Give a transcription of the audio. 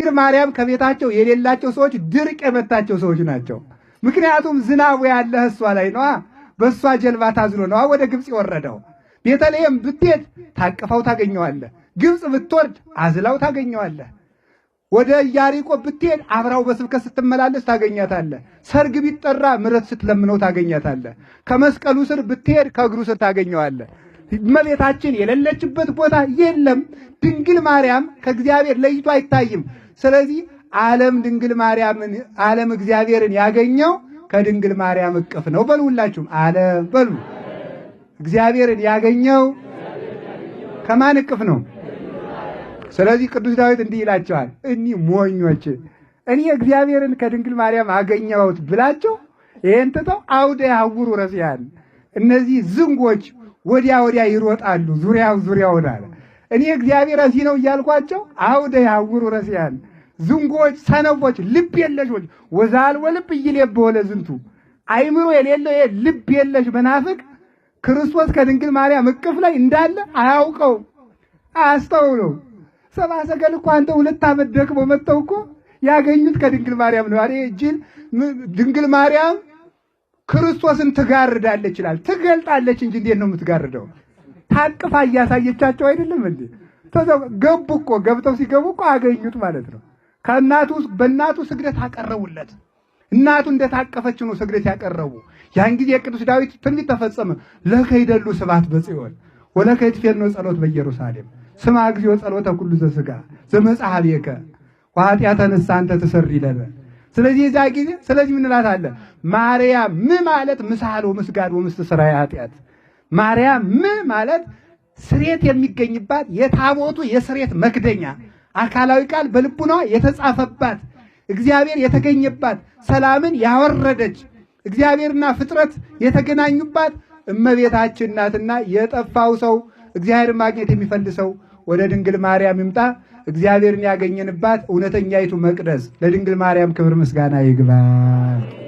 ችግር ማርያም ከቤታቸው የሌላቸው ሰዎች ድርቅ የመታቸው ሰዎች ናቸው። ምክንያቱም ዝናቡ ያለ እሷ ላይ ነዋ። በእሷ ጀልባ ታዝሎ ነዋ ወደ ግብፅ የወረደው። ቤተልሔም ብትሄድ ታቅፈው ታገኘዋለህ። ግብፅ ብትወርድ አዝላው ታገኘዋለህ። ወደ ኢያሪቆ ብትሄድ አብራው በስብከት ስትመላለስ ታገኛታለህ። ሰርግ ቢጠራ ምረት ስትለምነው ታገኛታለህ። ከመስቀሉ ስር ብትሄድ ከእግሩ ስር ታገኘዋለህ። እመቤታችን የሌለችበት ቦታ የለም። ድንግል ማርያም ከእግዚአብሔር ለይቶ አይታይም። ስለዚህ ዓለም ድንግል ማርያምን ዓለም እግዚአብሔርን ያገኘው ከድንግል ማርያም እቅፍ ነው። በሉ ሁላችሁም ዓለም በሉ እግዚአብሔርን ያገኘው ከማን እቅፍ ነው? ስለዚህ ቅዱስ ዳዊት እንዲህ ይላቸዋል፣ እኒ ሞኞች እኔ እግዚአብሔርን ከድንግል ማርያም አገኘሁት ብላቸው ይህን ትተው አውደ ያውሩ ረሲያን እነዚህ ዝንጎች ወዲያ ወዲያ ይሮጣሉ ዙሪያው ዙሪያውን አለ እኔ እግዚአብሔር እዚህ ነው እያልኳቸው አውደ ያውሩ ረሲያን ዝንጎች፣ ሰነፎች፣ ልብ የለሾች ወዛልወ ልብ እይሌብ ወለ ዝንቱ አይምሮ የሌለው ልብ የለሽ መናፍቅ ክርስቶስ ከድንግል ማርያም እቅፍ ላይ እንዳለ አያውቀው አያስተውለው። ሰብአ ሰገል እኮ አንተ ሁለት ዓመት ደክሞ መጥተው እኮ ያገኙት ከድንግል ማርያም ነው። አሬ እጅል ድንግል ማርያም ክርስቶስን ትጋርዳለች ይችላል ትገልጣለች እንጂ እንዴት ነው የምትጋርደው? አቅፋ እያሳየቻቸው አይደለም እንዴ? ገቡ እኮ ገብተው ሲገቡ እኮ አገኙት ማለት ነው። ከእናቱ በእናቱ ስግደት አቀረቡለት። እናቱ እንደታቀፈች ነው ስግደት ያቀረቡ። ያን ጊዜ የቅዱስ ዳዊት ትንቢት ተፈጸመ። ለከ ይደሉ ስብሐት በጽዮን ወለከ ይትፌር ጸሎት በኢየሩሳሌም ስማ እግዚኦ ጸሎተ ኩሉ ዘሥጋ የከ ዋጢያ ተነሳ አንተ ትሠሪ ለበ ስለዚህ የዛ ጊዜ ስለዚህ ምንላት አለ ማርያም ም ማለት ምሳል ወምስጋድ ወምስትሰራ ኃጢአት ማርያም ም ማለት ስሬት የሚገኝባት የታቦቱ የስሬት መክደኛ አካላዊ ቃል በልቡና የተጻፈባት እግዚአብሔር የተገኘባት ሰላምን ያወረደች እግዚአብሔርና ፍጥረት የተገናኙባት እመቤታችን ናትና የጠፋው ሰው እግዚአብሔር ማግኘት ሰው ወደ ድንግል ማርያም ይምጣ። እግዚአብሔርን ያገኘንባት እውነተኛይቱ መቅደስ ለድንግል ማርያም ክብር ምስጋና ይግባል።